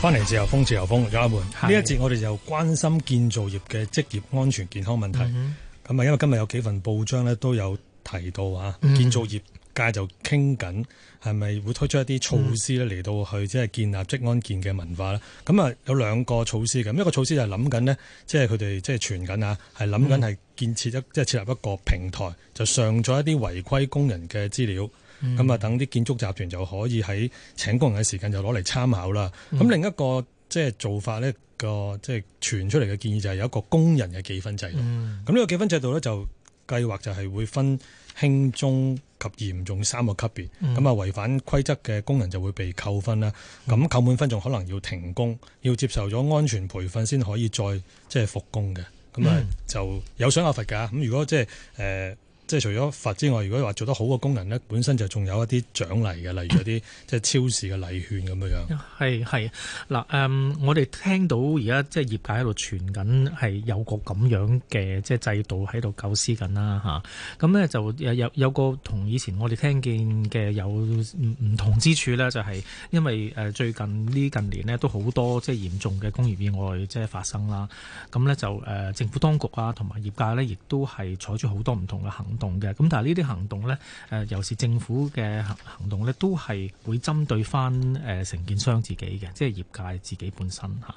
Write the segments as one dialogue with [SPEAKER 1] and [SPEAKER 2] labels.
[SPEAKER 1] 翻嚟自由風，自由風，有一半。呢的一節我哋就關心建造業嘅職業安全健康問題。咁啊、嗯哼，因為今日有幾份報章咧，都有提到啊，嗯、哼建造業界就傾緊，係咪會推出一啲措施咧，嚟到去即係建立職安健嘅文化啦，咁啊，嗯、有兩個措施，咁一個措施就係諗緊呢即係佢哋即係傳緊啊，係諗緊係建設一即係設立一個平台，就上咗一啲違規工人嘅資料。咁啊，嗯、等啲建築集團就可以喺請工人嘅時間就攞嚟參考啦。咁、嗯、另一個即係做法呢個即係傳出嚟嘅建議就係有一個工人嘅記分制度。咁呢、嗯、個記分制度呢，就計劃就係會分輕、中及嚴重三個級別。咁啊、嗯，違反規則嘅工人就會被扣分啦。咁、嗯、扣滿分仲可能要停工，要接受咗安全培訓先可以再即係復工嘅。咁啊、嗯，就有獎有罰㗎。咁如果即係誒。呃即係除咗罰之外，如果話做得好嘅工人咧，本身就仲有一啲獎勵嘅，例如有啲即係超市嘅禮券咁樣樣。係，係， 嗱誒、嗯，我哋聽到而家即係業界喺度傳緊，係有
[SPEAKER 2] 個咁樣嘅即係制度喺度構思緊啦吓，咁、啊、咧就有有，有個同以前我哋聽見嘅有唔同之處咧，就係因為誒最近呢近年咧都好多即係嚴重嘅工業意外即係發生啦。咁咧就誒、呃、政府當局啊同埋業界咧，亦都係採取好多唔同嘅行動。動嘅，咁但係呢啲行動咧，誒又是政府嘅行動咧，都係會針對翻誒承建商自己嘅，即係業界自己本身吓，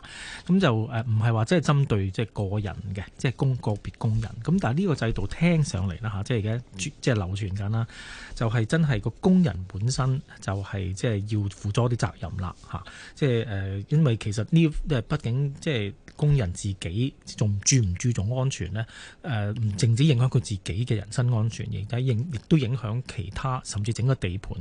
[SPEAKER 2] 咁就誒唔係話即係針對即係個人嘅，即係工個別工人，咁但係呢個制度聽上嚟啦吓，即係而家即係流傳緊啦，就係、是、真係個工人本身就係即係要負多啲責任啦吓，即係誒因為其實呢，即係畢竟即係工人自己仲注唔注重安全咧，誒唔淨止影響佢自己嘅人身。安全亦都影，亦都影響其他甚至整個地盤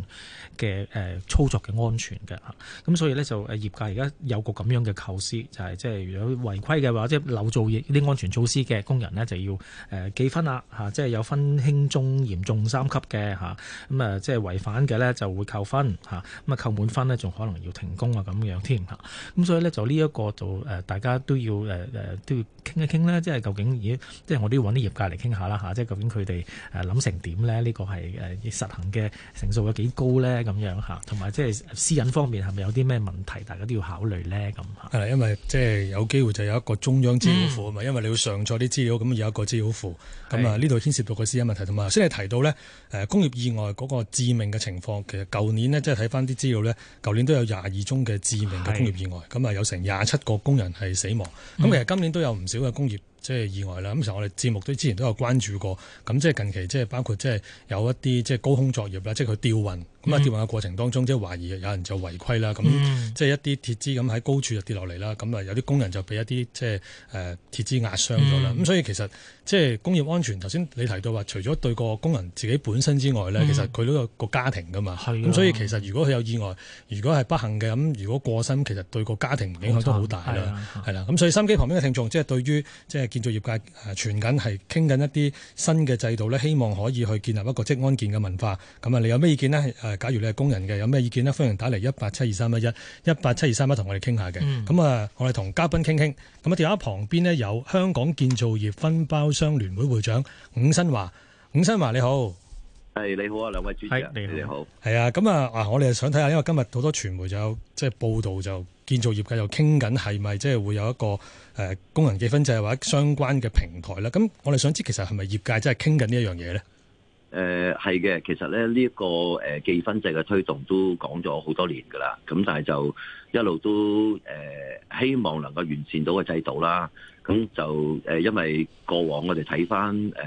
[SPEAKER 2] 嘅誒操作嘅安全嘅嚇。咁所以呢，就誒業界而家有個咁樣嘅構思，就係即係如果違規嘅話，即係漏做啲安全措施嘅工人呢，就要誒、呃、記分啊嚇，即係有分輕、中、嚴重三級嘅吓，咁啊、嗯、啊即係違反嘅呢，就會扣分吓，咁啊扣滿分呢，仲可能要停工啊咁樣添吓。咁、啊、所以呢，就呢一個就，就、啊、誒大家都要誒誒、啊、都要傾一傾咧，即係究竟而家即係我都要揾啲業界嚟傾下啦吓、啊，即係究竟佢哋。誒諗成點咧？呢、這個係誒實行嘅成數有幾高咧？咁樣嚇，同埋即係私隱方面係咪有啲咩問題？
[SPEAKER 1] 大家都要考慮咧咁嚇。係啦，因為即係有機會就有一個中央資料庫啊嘛，嗯、因為你要上載啲資料，咁有一個資料庫，咁啊呢度牽涉到個私隱問題，同埋先係提到呢誒工業意外嗰個致命嘅情況。其實舊年呢，即係睇返啲資料呢，舊年都有廿二宗嘅致命嘅工業意外，咁啊是的 有成廿七個工人係死亡。咁、嗯、其實今年都有唔少嘅工業。即係意外啦，咁其實我哋節目都之前都有關注過，咁即係近期即係包括即係有一啲即係高空作業啦，即係佢吊運。咁啊跌落嚟嘅過程當中，即係懷疑有人就違規啦。咁、嗯、即係一啲鐵枝咁喺高處就跌落嚟啦。咁啊有啲工人就俾一啲即係誒鐵枝壓傷咗啦。咁、嗯、所以其實即係工業安全，頭先你提到話，除咗對個工人自己本身之外呢，嗯、其實佢都有個家庭噶嘛。咁的所以其實如果佢有意外，如果係不幸嘅咁，如果過身，其實對個家庭影響都好大啦。係啦。咁的的所以心機旁邊嘅聽眾，即係對於即係建造業界傳緊係傾緊一啲新嘅制度呢，希望可以去建立一個職安健嘅文化。咁啊，你有咩意見呢？假如你係工人嘅，有咩意見呢？歡迎打嚟一八七二三一一一八七二三一，同、嗯、我哋傾下嘅。咁啊，我哋同嘉賓傾傾。咁啊，電話旁邊呢有香港建造業分包商聯會會長伍新華，伍新華你好，
[SPEAKER 3] 係你好
[SPEAKER 1] 啊，兩位主持，你好，係好啊。咁啊，啊，我哋想睇下，因為今日好多傳媒就有即係、就是、報道就，就建造業界就傾緊係咪即係會有一個誒、呃、工人記分制或者相關嘅平台咧。咁我哋想知，其實係咪業界真係傾緊呢一樣嘢呢？
[SPEAKER 3] 誒係嘅，其實咧呢一個誒記分制嘅推動都講咗好多年㗎啦，咁但係就一路都誒希望能夠完善到個制度啦。咁、嗯、就誒因為過往我哋睇翻誒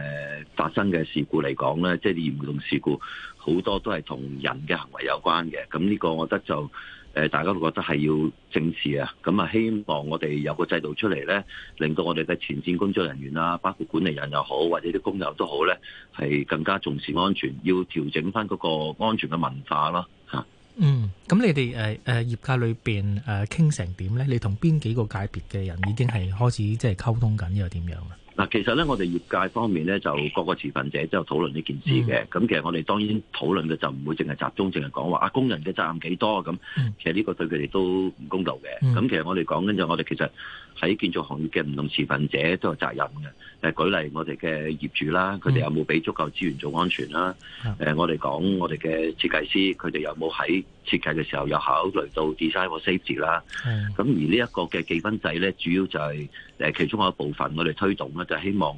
[SPEAKER 3] 發生嘅事故嚟講咧，即係嚴重事故好多都係同人嘅行為有關嘅。咁呢個我覺得就。誒，大家都覺得係要正視啊！咁啊，希望我哋有個制度出嚟呢，令到我哋嘅前線工作人員啦，包括管理人又好，或者啲工友都好呢，係更加重視安全，要調整翻嗰個安全嘅文化咯嚇。
[SPEAKER 2] 嗯，咁你哋誒誒業界裏邊誒傾成點呢？你同邊幾個界別嘅人已經係開始即係溝通緊，又點樣
[SPEAKER 3] 啊？嗱，其實咧，我哋業界方面咧，就各個持份者都有討論呢件事嘅。咁、嗯、其實我哋當然討論嘅就唔會淨係集中，淨係講話啊工人嘅責任幾多咁。其實呢個對佢哋都唔公道嘅。咁、嗯、其實我哋講緊就我哋其實喺建造行業嘅唔同持份者都有責任嘅。誒舉例，我哋嘅業主啦，佢哋有冇俾足夠資源做安全啦？誒的、呃，我哋講我哋嘅設計師，佢哋有冇喺設計嘅時候有考慮到 design 和 safety 啦？咁的而呢一個嘅記分制咧，主要就係、是呃、其中有一部分我哋推動啦就是、希望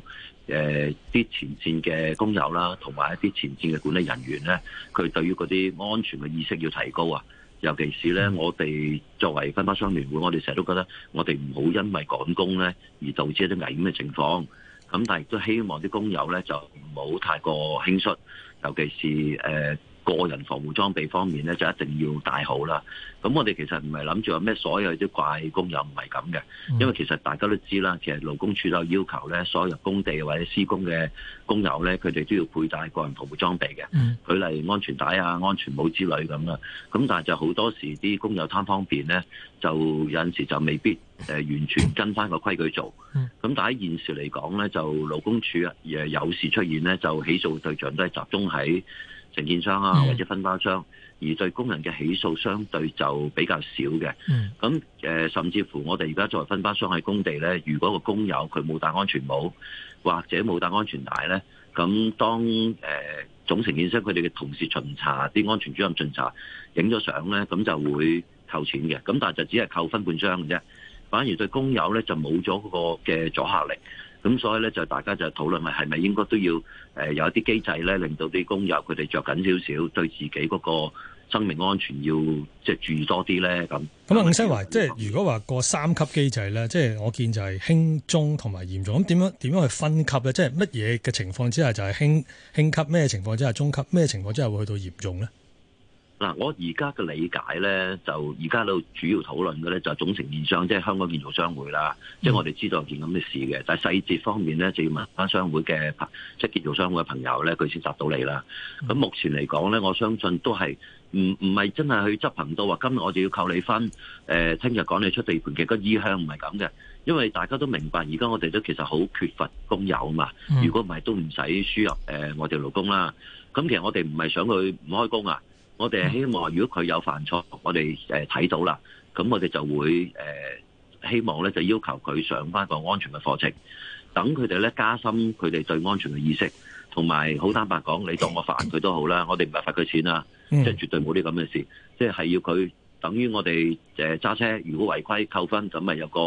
[SPEAKER 3] 誒啲、呃、前線嘅工友啦，同埋一啲前線嘅管理人員咧，佢對於嗰啲安全嘅意識要提高啊！尤其是咧，是的我哋作為分包商聯會，我哋成日都覺得我哋唔好因為趕工咧而導致一啲危險嘅情況。咁但係亦都希望啲工友咧就唔好太過輕率，尤其是誒。個人防護裝備方面咧，就一定要戴好啦。咁我哋其實唔係諗住話咩，所有啲怪工友唔係咁嘅，因為其實大家都知啦，其實勞工處都有要求咧，所有工地或者施工嘅工友咧，佢哋都要佩戴個人防護裝備嘅。例如安全帶啊、安全帽之類咁啦。咁但係就好多時啲工友貪方便咧，就有陣時就未必誒完全跟翻個規矩做。咁但係現時嚟講咧，就勞工處啊，有時出現咧就起訴對象都係集中喺。承建商啊，或者分包商，而對工人嘅起訴相對就比較少嘅。咁誒、呃，甚至乎我哋而家作為分包商喺工地咧，如果個工友佢冇戴安全帽或者冇戴安全帶咧，咁當誒、呃、總承建商佢哋嘅同事巡查，啲安全主任巡查，影咗相咧，咁就會扣錢嘅。咁但係就只係扣分半張嘅啫，反而對工友咧就冇咗嗰個嘅阻吓力。咁所以咧就大家就討論係咪應該都要誒有一啲機制咧，令到啲工友佢哋着緊少少，對自己嗰個生命安全要住即係注意多啲咧。咁咁啊，
[SPEAKER 1] 伍生話即係如果話個三級機制咧，即係我見就係輕中同埋嚴重。咁點樣點樣去分級咧？即係乜嘢嘅情況之下就係輕輕級？咩情況之下中級？咩情況之下會去到嚴重咧？
[SPEAKER 3] 嗱，我而家嘅理解咧，就而家喺度主要討論嘅咧，就係總成面上，即係香港建造商會啦。嗯、即係我哋知道有件咁嘅事嘅，但係細節方面咧，就要問翻商會嘅即係建造商會嘅朋友咧，佢先答到你啦。咁目前嚟講咧，我相信都係唔唔係真係去執行到話，今日我哋要扣你分。誒、呃，聽日趕你出地盤嘅個意向唔係咁嘅，因為大家都明白，而家我哋都其實好缺乏工友嘛。如果唔係，都唔使輸入誒、呃、我哋勞工啦。咁其實我哋唔係想去唔開工啊。我哋希望，如果佢有犯錯，我哋睇到啦，咁我哋就會、呃、希望咧，就要求佢上翻個安全嘅課程，等佢哋咧加深佢哋對安全嘅意識，同埋好坦白講，你當我煩佢都好啦，我哋唔係罰佢錢啦，即係絕對冇啲咁嘅事，即係係要佢等於我哋誒揸車，如果違規扣分，咁咪有個、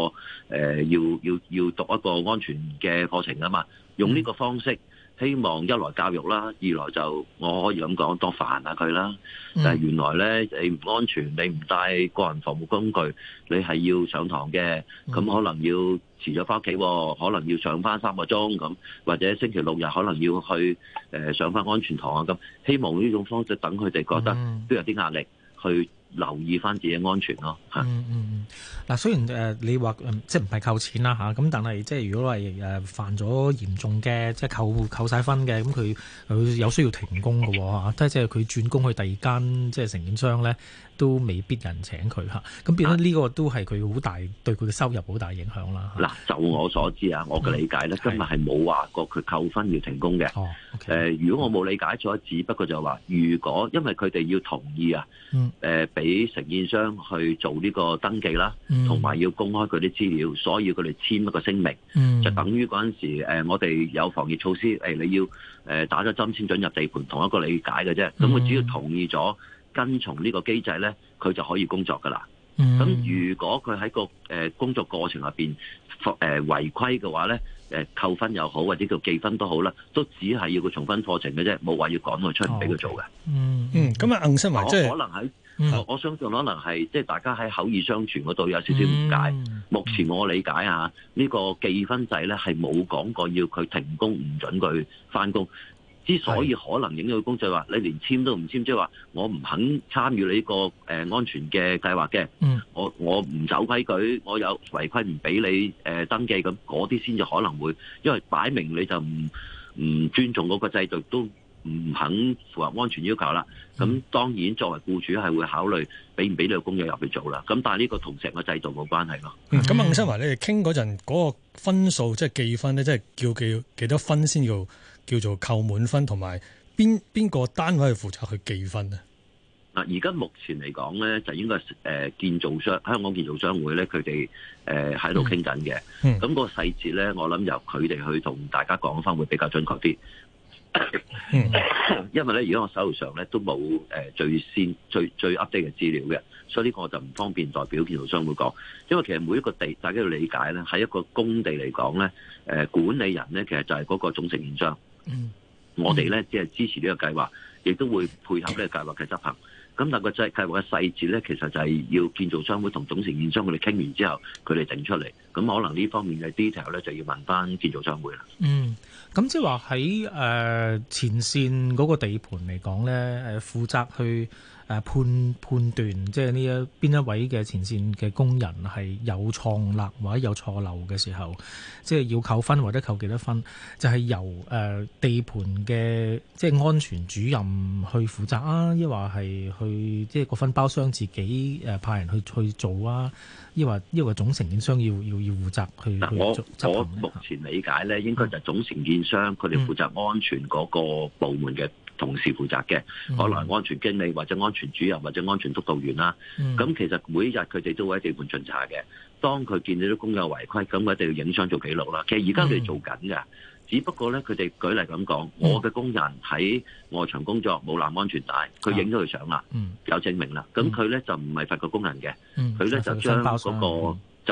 [SPEAKER 3] 呃、要要要讀一個安全嘅課程啊嘛，用呢個方式。希望一來教育啦，二來就我可以咁講，多煩下佢啦。
[SPEAKER 4] 但原
[SPEAKER 3] 來呢，你唔安全，你唔帶個人防護工具，你係要上堂嘅，咁可能要遲咗返屋企，可能要上翻三個鐘，咁或者星期六日可能要去上翻安全堂啊。咁希望呢種方式，等佢哋覺得都有啲壓力去。留意翻自己安全咯，嗯嗯嗯，
[SPEAKER 2] 嗱、嗯，雖然誒你話即係唔係扣錢啦、啊、咁但係即係如果係犯咗嚴重嘅，即係扣扣晒分嘅，咁佢有需要停工嘅喎、啊、即係佢轉工去第二間即係承建商咧，都未必有人請佢，咁變咗呢個都係佢好大、啊、對佢嘅收入好大影響啦、
[SPEAKER 3] 啊。嗱、啊，就我所知啊，我嘅理解咧、啊，嗯、今日係冇話過佢扣分要停工嘅。哦、okay 呃，如果我冇理解錯，只不過就係話，如果因為佢哋要同意啊，嗯，喺承建商去做呢個登記啦，同埋、呃嗯嗯嗯、要公開佢啲資料，所以佢哋簽一個聲明，就等於嗰陣時誒、呃，我哋有防疫措施，誒、呃、你要誒打咗針先准入地盤，同一個理解嘅啫。咁佢、嗯、只要同意咗跟從呢個機制咧，佢就可以工作噶啦。
[SPEAKER 4] 咁、嗯嗯嗯、如
[SPEAKER 3] 果佢喺個誒工作過程入邊誒違規嘅話咧，誒扣分又好或者叫記分都好啦，都只係要佢重訓課程嘅啫，冇話要趕佢出嚟俾佢做嘅、
[SPEAKER 1] okay, 嗯。嗯嗯，咁啊，硬性即係可能
[SPEAKER 3] 喺。嗯、我相信可能係即係大家喺口耳相傳嗰度有少少誤解。嗯、目前我理解啊，呢、呢個記分制咧，係冇講過要佢停工，唔准佢翻工。之所以可能影響工作，就係，作，話你連簽都唔簽，即係話我唔肯參與你呢個誒安全嘅計劃嘅。嗯，我我唔守規矩，我有違規唔俾你誒登記咁嗰啲先至可能會因為擺明你就唔唔尊重嗰個制度都。唔肯符合安全要求啦，咁、嗯、當然作為雇主係會考慮俾唔俾呢個工人入去做啦。咁但係呢個同石嘅制度冇關係咯。
[SPEAKER 1] 咁阿伍新華，你哋傾嗰陣嗰個分數即係記分咧，即係叫記幾多分先叫叫做扣滿分，同埋邊邊個單位負責去記分咧？
[SPEAKER 3] 嗱，而家目前嚟講咧，就應該係誒建造商，香港建造商會咧，佢哋誒喺度傾緊嘅。咁、嗯嗯、個細節咧，我諗由佢哋去同大家講翻會比較準確啲。 因為咧，而家我手頭上咧都冇誒、呃、最先最最 update 嘅資料嘅，所以呢個我就唔方便代表建造商會講。因為其實每一個地，大家要理解咧，喺一個工地嚟講咧，誒、呃、管理人咧，其實就係嗰個總承建商。嗯，我哋咧即係支持呢個計劃，亦都會配合呢個計劃嘅執行。咁但個計劃嘅細節咧，其實就係要建造商會同總承建商佢哋傾完之後，佢哋定出嚟。咁可能呢方面嘅 detail 咧，就要問翻建造商會啦。嗯，
[SPEAKER 2] 咁即係話喺誒前線嗰個地盤嚟講咧，誒、呃、負責去。誒判判斷即係呢一邊一位嘅前線嘅工人係有創立或者有錯漏嘅時候，即係要扣分或者扣幾多分，就係、是、由誒、呃、地盤嘅即係安全主任去負責啊，抑或係去即係個分包商自己誒、呃、派人去去做啊，抑或抑或總承建商要要要負責去我去執
[SPEAKER 3] 行。我目前理解咧，應該就係總承建商佢哋負責安全嗰個部門嘅同事負責嘅可能安全經理或者安全主任或者安全督導員啦，咁、嗯、其實每一日佢哋都會喺地盤巡查嘅。當佢見到啲工人違規，咁佢一定要影相做記錄啦。其實而家佢哋做緊嘅，嗯、只不過咧佢哋舉例咁講，我嘅工人喺外場工作冇攬安全帶，佢影咗佢相啦，嗯、有證明啦。咁佢咧就唔係罰個工人嘅，
[SPEAKER 4] 佢咧、嗯、就將嗰、
[SPEAKER 3] 那個個判口，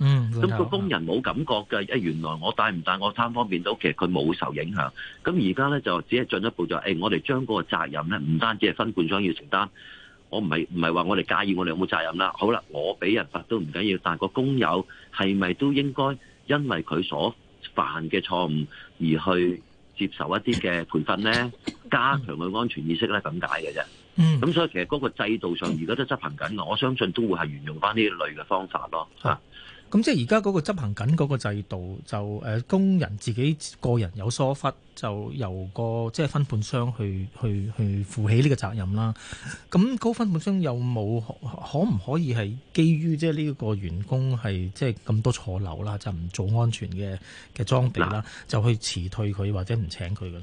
[SPEAKER 3] 咁個工人冇感覺嘅，誒，原來我戴唔戴我貪方便都，其實佢冇受影響。咁而家咧就只係進一步就，誒，我哋將嗰個責任咧，唔單止係分判商要承擔，我唔係唔係話我哋介意我哋有冇責任啦。好啦，我俾人罰都唔緊要，但係個工友係咪都應該因為佢所犯嘅錯誤而去接受一啲嘅培訓咧？加強佢安全意識係咁解嘅啫。嗯，咁所以其實嗰個制度上而家都執行緊，我相信都會係沿用翻呢一類嘅方法咯。吓、嗯，
[SPEAKER 2] 咁即係而家嗰個執行緊嗰個制度就，就、呃、誒工人自己個人有疏忽，就由個即係分判商去去去負起呢個責任啦。咁嗰分判商有冇可唔可以係基於即係呢個員工係即係咁多錯漏啦，就唔、是、做安全嘅嘅裝備啦，喇就去辭退佢或者唔請佢嘅咧？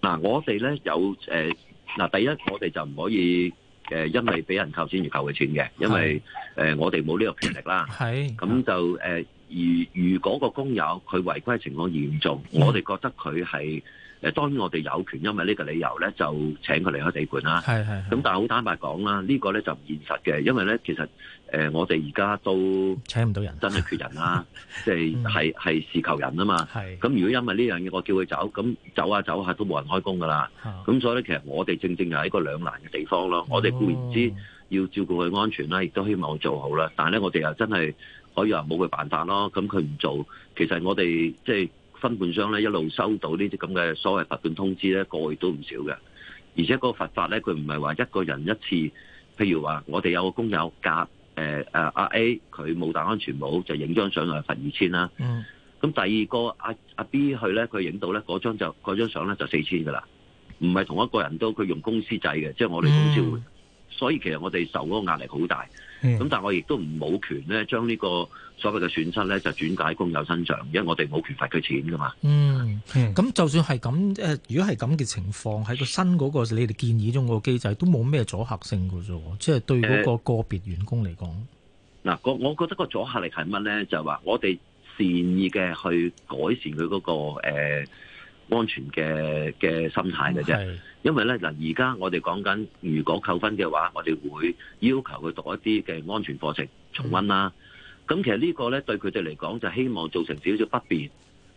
[SPEAKER 3] 嗱，我哋咧有誒。呃嗱，第一我哋就唔可以，誒，因為俾人扣錢而扣佢錢嘅，因為誒，我哋冇呢個權力啦。係咁就誒、呃，如如果個工友佢違規嘅情況嚴重，我哋覺得佢係。誒當然我哋有權，因為呢個理由咧，就請佢離開地盤啦。咁是但係好坦白講啦，這個、呢個咧就唔現實嘅，因為咧其實誒、呃、我哋而家都
[SPEAKER 2] 請唔到人，真係
[SPEAKER 3] 缺人啦。即係係係事求人啊嘛。咁是如果因為呢樣嘢我叫佢走，咁走下、啊、走下、啊、都冇人開工噶啦。咁是所以咧，其實我哋正正又係一個兩難嘅地方咯。我哋固然知要照顧佢安全啦，亦都希望佢做好啦。但係咧，我哋又真係可以話冇佢辦法咯。咁佢唔做，其實我哋即係。分判商咧一路收到呢啲咁嘅所謂罰款通知咧，個月都唔少嘅。而且嗰個罰法咧，佢唔係話一個人一次。譬如話我哋有個工友甲，誒誒阿 A，佢冇戴安全帽就影張相嚟罰二千啦。咁第二個阿阿 B 去咧，佢影到咧嗰張就嗰張相咧就四千噶啦。唔係同一個人，都佢用公司制嘅，即係我哋總銷。所以其實我哋受嗰個壓力好大。咁、嗯、但係我亦都唔冇權咧，將呢個所謂嘅損失咧，就轉嫁喺工友身上，因為我哋冇權罰佢錢噶嘛。嗯，
[SPEAKER 2] 咁就算係咁，誒、呃，如果係咁嘅情況，喺、個新嗰個你哋建議中個機制都冇咩阻嚇性噶啫，即係對嗰個個別員工嚟講，
[SPEAKER 3] 嗱、呃，我我覺得個阻嚇力係乜咧，就係、是、話我哋善意嘅去改善佢嗰、個誒。呃安全嘅嘅心態嘅啫，因為咧嗱，而家我哋講緊，如果扣分嘅話，我哋會要求佢讀一啲嘅安全課程重溫啦。咁、嗯、其實這個呢個咧對佢哋嚟講，就希望造成少少不便。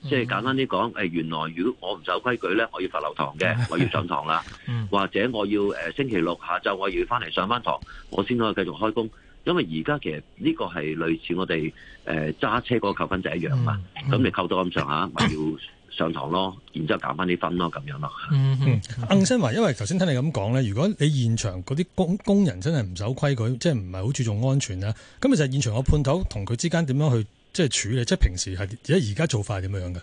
[SPEAKER 3] 嗯、即係簡單啲講，誒，原來如果我唔守規矩咧，我要罰留堂嘅，我要上堂啦，嗯、或者我要誒、呃、星期六下晝我要翻嚟上翻堂，我先可以繼續開工。因為而家其實呢個係類似我哋誒揸車嗰個扣分制一樣嘛。咁、嗯、你扣到咁上下，咪、嗯啊、要上堂咯，然之後減翻啲分咯，咁樣咯、嗯。
[SPEAKER 4] 嗯
[SPEAKER 1] 嗯，伍新華，嗯、因為頭先聽你咁講咧，如果你現場嗰啲工工人真係唔守規矩，即係唔係好注重安全咧，咁其實現場個判頭同佢之間點樣去即係處理，即係平時係而而家做法係點樣嘅？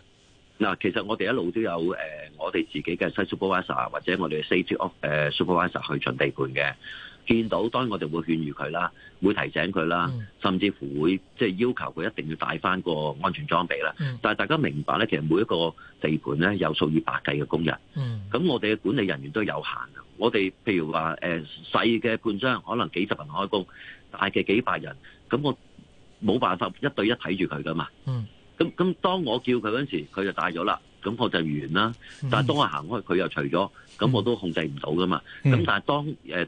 [SPEAKER 3] 嗱，其實我哋一路都有誒、呃，我哋自己嘅西 supervisor 或者我哋 c i t of 誒、呃、supervisor 去巡地盤嘅。見到當然我哋會勸喻佢啦，會提醒佢啦，嗯、甚至乎會即係、就是、要求佢一定要戴返個安全裝備啦。嗯、但係大家明白咧，其實每一個地盤咧，有數以百計嘅工人。咁、嗯、我哋嘅管理人員都有限。我哋譬如話誒細嘅半張可能幾十人開工，大嘅幾百人，咁我冇辦法一對一睇住佢噶嘛。咁咁、嗯、當我叫佢嗰陣時，佢就戴咗啦。咁我就完啦。嗯、但係當我行開，佢又除咗，咁我都控制唔到噶嘛。咁、嗯、但係當、呃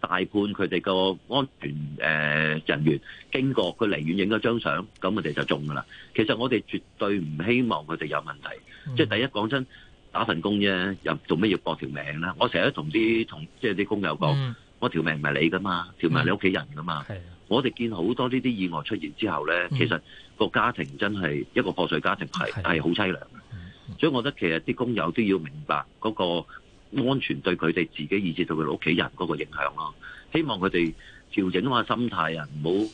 [SPEAKER 3] 大判佢哋個安全誒人員經過佢寧願影咗張相，咁我哋就中噶啦。其實我哋絕對唔希望佢哋有問題。即係第一講真打份工啫，又做咩要搏條命咧？我成日都同啲同即係啲工友講，我條命唔係你噶嘛，條命係你屋企人噶嘛。我哋見好多呢啲意外出現之後咧，其實個家庭真係一個破碎家庭，係係好淒涼嘅。所以我覺得其實啲工友都要明白嗰個。安全對佢哋自己，以至到佢哋屋企人嗰個影響咯。希望佢哋調整下心態啊，唔好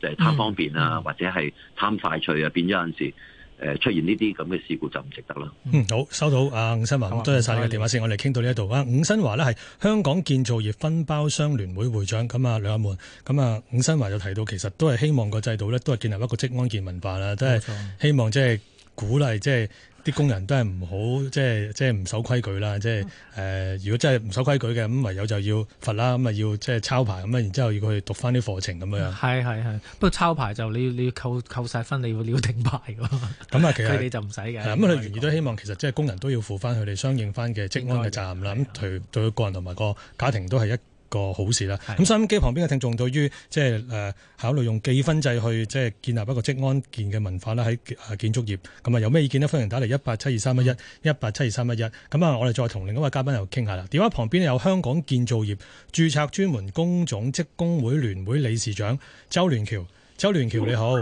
[SPEAKER 3] 即係貪方便啊，嗯嗯、或者係貪快脆啊，變咗有陣時誒出現呢啲咁嘅事故就唔值得啦。
[SPEAKER 1] 嗯，好，收到。阿伍新華，好多謝晒你嘅電話，謝謝先我，我哋傾到呢一度啊。伍新華呢係香港建造業分包商聯會會長，咁啊，梁阿門咁啊，伍新華就提到，其實都係希望個制度呢，都係建立一個職安健文化啦，都係希望即係鼓勵即係。啲工人都係唔好，即係即係唔守規矩啦，即係誒、呃，如果真係唔守規矩嘅，咁唯有就要罰啦，咁啊要即係抄牌咁啊，然之後要佢去讀翻啲課程咁樣。係係係，不過抄牌就你要你要扣扣曬分，你要你要停牌喎。咁啊、嗯嗯，其實佢哋就
[SPEAKER 2] 唔使嘅。咁啊，佢哋願
[SPEAKER 1] 意都希望，其實即係工人都要負翻佢哋相應翻嘅職安嘅責任啦。咁對、嗯、對個人同埋個家庭都係一個好事啦！咁收音機旁邊嘅聽眾對於即係、呃、考慮用記分制去即係建立一個職安健嘅文化啦，喺建築業咁啊、嗯、有咩意見呢？歡迎打嚟一八七二三一一一八七二三一一，咁啊！我哋再同另外一位嘉賓又傾下啦。電話旁邊有香港建造業註冊專門工種職工會聯會理事長周聯僑，周聯僑，你好。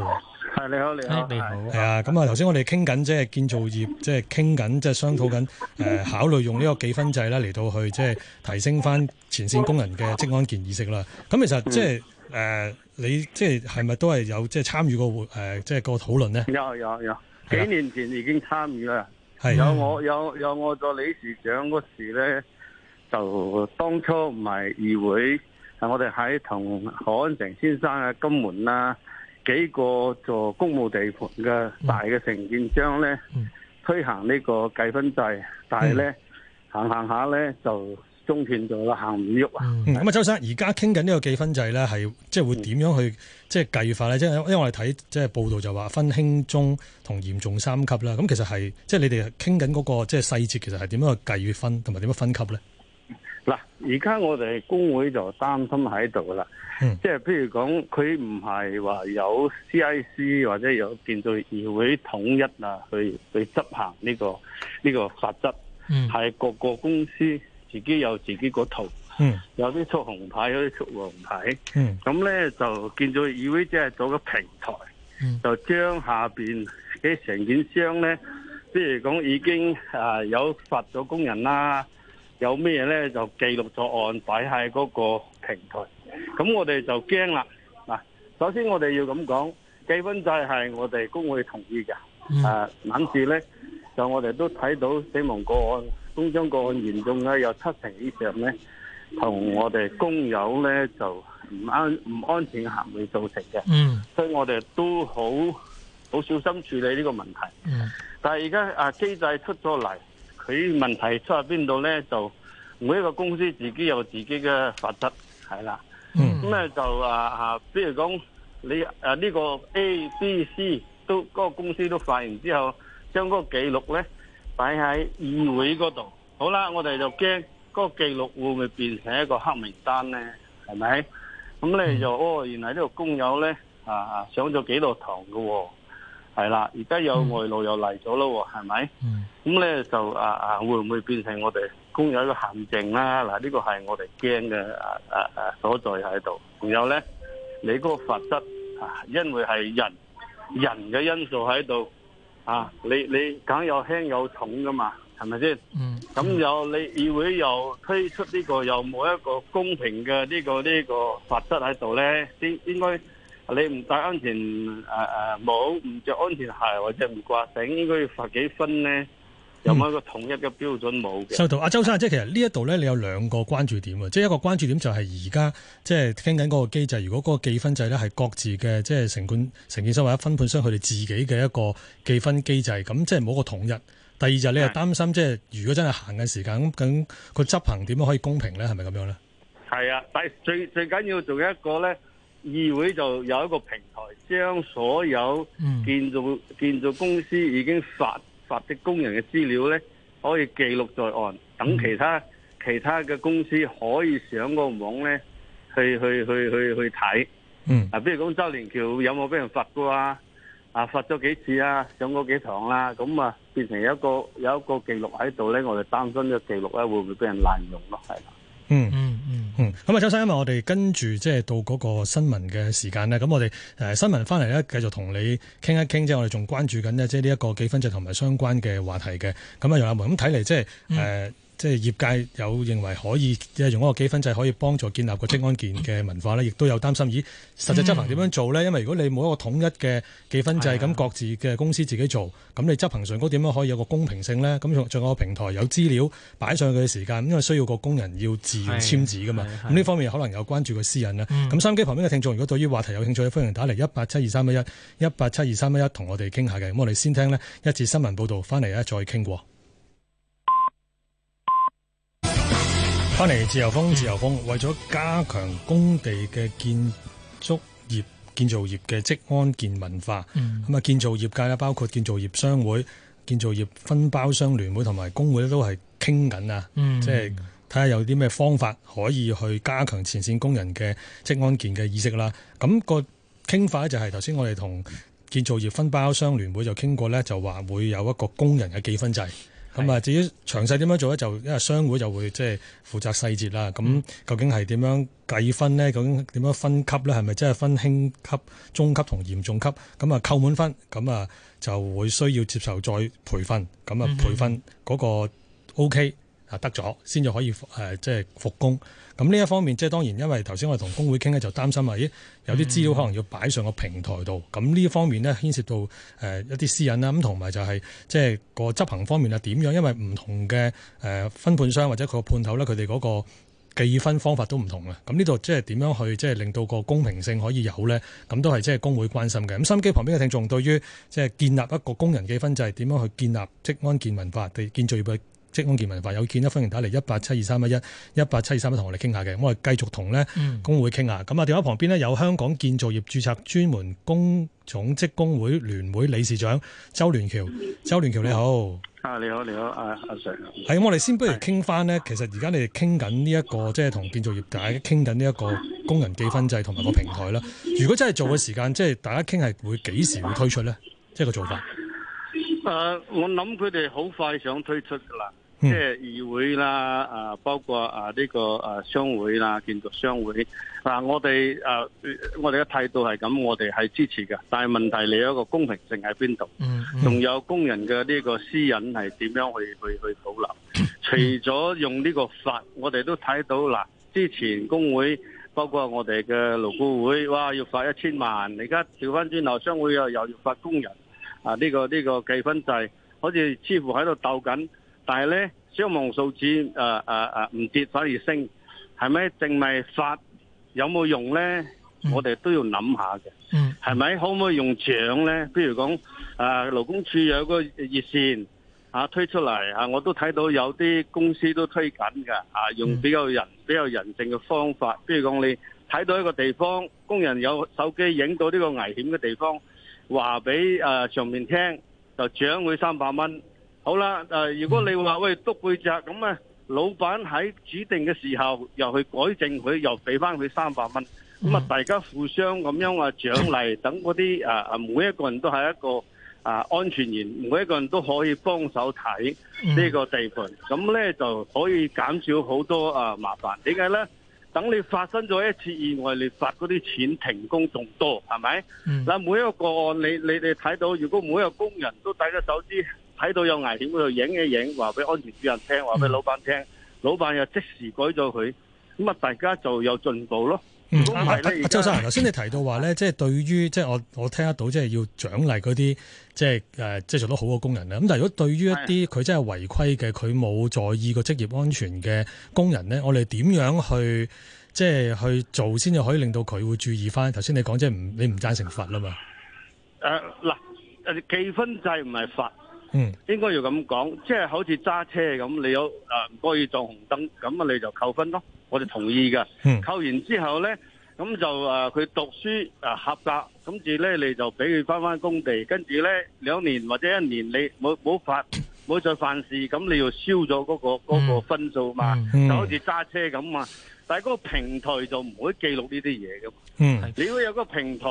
[SPEAKER 2] 你好，你好，你好，
[SPEAKER 1] 係啊，咁啊，頭先我哋傾緊即係建造業，即係傾緊即係商討緊誒，嗯、考慮用呢個記分制啦，嚟到去即係提升翻前線工人嘅職安健意識啦。咁其實即係誒，你即係係咪都係有即係參與過活誒，即係個討論呢？有有有，
[SPEAKER 5] 幾年前已經參與啦。係有我有有我做理事長嗰時咧，就當初唔係議會，係我哋喺同何安成先生啊、金門啦。幾個做公務地盤嘅大嘅承建商咧、嗯、推行呢個計分制，嗯、但係咧是的 行行下咧就中斷咗啦，行唔喐啦。
[SPEAKER 1] 咁啊、嗯的嗯，周生而家傾緊呢個計分制咧，係即係會點樣去、嗯、即係計法咧？即係因為我哋睇即係報道就話分輕中同嚴重三級啦。咁其實係即係你哋傾緊嗰個即係細節，其實係點樣去計分同埋點樣分級咧？
[SPEAKER 5] 嗱，而家我哋工會就擔心喺度啦，嗯、即係譬如講，佢唔係話有 CIC 或者有建造業議會統一啊，去去執行呢、呢個呢、呢個法則，係個、嗯、個公司自己有自己嗰套，嗯、有啲出紅牌，有啲出黃牌，咁咧、嗯、就建造業議會即係做個平台，嗯、就將下面啲承建商咧，即如講已經啊有罰咗工人啦。有咩嘢咧就記錄咗案擺喺嗰個平台，咁我哋就驚啦。嗱，首先我哋要咁講，記分制係我哋工會同意嘅。嗯、啊，諗住咧就我哋都睇到死亡個案、工傷個案嚴重呢有七成以上咧，同我哋工友咧就唔安唔安全行為造成嘅。嗯，所以我哋都好好小心處理呢個問題。嗯，但係而家啊機制出咗嚟。佢問題出喺邊度咧？就每一個公司自己有自己嘅法則，係啦。咁咧就啊啊，比如講你啊呢個 A、B、C 都嗰個公司都發完之後，將嗰個記錄咧擺喺議會嗰度。好啦，我哋就驚嗰個記錄會唔會變成一個黑名單咧？係咪？咁咧就哦，原來呢個工友咧啊上咗幾多堂嘅喎。係啦，而家有外勞又嚟咗咯，係咪？咁咧就啊啊，會唔會變成我哋工友一個陷阱啦？嗱，呢個係我哋驚嘅啊啊啊所在喺度。仲有咧，你嗰個罰則啊，因為係人人嘅因素喺度啊，你你梗有輕有重噶嘛，係咪先？咁有你議會又推出呢個又冇一個公平嘅呢個呢個罰則喺度咧，應應該。你唔戴安全誒誒帽，唔着安全鞋或者唔掛頂，應該要罰幾分呢？嗯、有冇一個統一嘅標準冇嘅？收到，阿
[SPEAKER 1] 周生，即係其實呢一度咧，你有兩個關注點啊！即係一個關注點就係而家即係傾緊嗰個機制，如果嗰個記分制咧係各自嘅，即係城管、承建商或者分判商佢哋自己嘅一個記分機制，咁即係冇個統一。第二就你又擔心，即係的如果真係行嘅時間咁緊，佢執行點樣可以公平咧？係咪咁樣咧？
[SPEAKER 5] 係啊，但係最最緊要做一個咧。議會就有一個平台，將所有建造建造公司已經罰罰的工人嘅資料呢，可以記錄在案，等其他其他嘅公司可以上個網呢去去去去去睇。嗯，啊，譬如講，周聯僑有冇俾人罰過啊？啊，罰咗幾次啊？上過幾堂啦、啊？咁啊，變成有一個有一個記錄喺度呢，我就擔心呢記錄咧會唔會俾人濫用咯？係。
[SPEAKER 4] 嗯嗯嗯嗯，
[SPEAKER 1] 咁、嗯、啊，周生，因為我哋跟住即係到嗰個新聞嘅時間咧，咁我哋誒新聞翻嚟咧，繼續同你傾一傾，即係我哋仲關注緊呢，即係呢一個記分制同埋相關嘅話題嘅，咁啊楊立文，咁睇嚟即係誒。嗯即係業界有認為可以即係用一個記分制可以幫助建立個職安健嘅文化咧，亦都有擔心咦，實際執行點樣做咧？因為如果你冇一個統一嘅記分制，咁各自嘅公司自己做，咁你執行上高點樣可以有個公平性咧？咁仲有個平台有資料擺上去嘅時間，因為需要個工人要自願簽字噶嘛。咁呢方面可能有關注個私隱啦。咁收音機旁邊嘅聽眾，如果對於話題有興趣，歡迎打嚟一八七二三一一，一八七二三一一同我哋傾下嘅。咁我哋先聽咧一節新聞報導，翻嚟咧再傾過。翻嚟自由風，自由風，為咗加強工地嘅建築業、建造業嘅職安健文化，咁啊、嗯，建造業界包括建造業商會、建造業分包商聯會同埋工會咧，都係傾緊啊，即係睇下有啲咩方法可以去加強前綫工人嘅職安健嘅意識啦。咁、個傾法咧就係頭先我哋同建造業分包商聯會就傾過咧，就話會有一個工人嘅記分制。咁啊，是至於詳細點樣做咧，就因為商會就會即係負責細節啦。咁究竟係點樣計分咧？究竟點樣分級咧？係咪即係分輕級、中級同嚴重級？咁啊扣滿分，咁啊就會需要接受再培訓。咁啊培訓嗰個 OK。嗯得咗先至可以、呃、即係復工。咁呢一方面，即係當然，因為頭先我哋同工會傾咧，就擔心話咦，有啲資料可能要擺上個平台度。咁呢、嗯、方面呢，牽涉到誒、呃、一啲私隱啦，咁同埋就係、是、即係個執行方面啊點樣？因為唔同嘅誒、呃、分判商或者佢個判頭咧，佢哋嗰個記分方法都唔同啊。咁呢度即係點樣去即係令到個公平性可以有咧？咁都係即係工會關心嘅。咁收音機旁邊嘅聽眾對於即係建立一個工人記分制，點、就是、樣去建立職安健文化、地建造業嘅？職安健文化有見，歡迎打嚟一八七二三一一，一八七二三一同我哋傾下嘅，我哋繼續同咧工會傾下。咁啊、嗯，電話旁邊呢，有香港建造業註冊專門工種職工會聯會理事長周聯僑，周聯僑，周聯僑你好。啊，
[SPEAKER 5] 你好，你好，阿阿係，啊 Sir、
[SPEAKER 1] 我哋先不如傾翻呢。是其實而家你哋傾緊呢一個，即係同建造業界傾緊呢一個工人記分制同埋個平台啦。如果真係做嘅時間，即、就、係、是、大家傾係會幾時會推出呢？即、就、係、是、個做法。啊、我
[SPEAKER 4] 諗
[SPEAKER 5] 佢哋好快想推出噶啦。即係議會啦，啊，包括啊呢個啊商會啦，建築商會，嗱，我哋啊，我哋嘅態度係咁，我哋係支持嘅，但係問題你一個公平性喺邊度？嗯，仲有工人嘅呢個私隱係點樣去去去保留？除咗用呢個法，我哋都睇到嗱，之前工會包括我哋嘅勞顧會，哇，要罰一千萬，而家調翻轉頭，商會又又要罰工人，啊、這個，呢個呢個計分制，好似似乎喺度鬥緊。但係咧，傷亡數字誒誒誒唔跌反而升，係咪淨係發有冇用咧？Mm. 我哋都要諗下嘅。係咪可唔可以用獎咧？譬如講誒勞工處有個熱線啊推出嚟啊，我都睇到有啲公司都推緊㗎啊，用比較人比較人性嘅方法。譬如講你睇到一個地方工人有手機影到呢個危險嘅地方，話俾誒上面聽，就獎佢三百蚊。好啦，誒、呃，如果你話喂督背脊咁啊，老闆喺指定嘅時候又去改正佢，又俾翻佢三百蚊，咁啊、嗯，大家互相咁樣啊獎勵，等嗰啲誒每一個人都係一個啊安全員，每一個人都可以幫手睇呢個地盤，咁咧、嗯、就可以減少好多啊麻煩。點解咧？等你發生咗一次意外，你罰嗰啲錢停工仲多，係咪？嗱、嗯，每一個案你你哋睇到，如果每一個工人都戴咗手啲睇到有危險佢度影一影，話俾安全主任聽，話俾老闆聽，嗯、老闆又即時改咗佢，咁啊大家就有進步咯。唔該周生，頭先 你
[SPEAKER 1] 提到話咧，即係、啊、對於即係我我聽得到，即係要獎勵嗰啲即係誒即係做得好嘅工人咧，咁但係如果對於一啲佢真係違規嘅，佢冇的在意個職業安全嘅工人咧，我哋點樣去即係、就是、去做先至可以令到佢會注意翻？頭先你講即係唔你唔贊成罰啦嘛？誒
[SPEAKER 5] 嗱、呃，計分制唔係罰。嗯，應該要咁講，即係好似揸車咁，你有啊唔可以撞紅燈，咁啊你就扣分咯，我哋同意嘅。扣完之後咧，咁就誒佢讀書誒合格，跟住咧你就俾佢返返工地，跟住咧兩年或者一年你冇冇犯，冇再犯事，咁你就消咗嗰個嗰個分數嘛，就好似揸車咁嘛。但係嗰個平台就唔會記錄呢啲嘢嘅。嗯，你如果有個平台，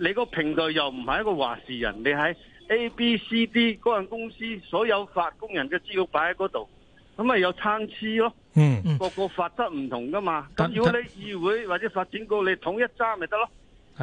[SPEAKER 5] 你個平台又唔係一個話事人，你喺。A、B、C、D 嗰份公司所有法工人嘅資料擺喺嗰度，咁咪有參差咯。嗯，個、嗯、個法則唔同噶嘛。咁行行如果你議會或者發展局你統一揸咪得咯。
[SPEAKER 2] 啊啊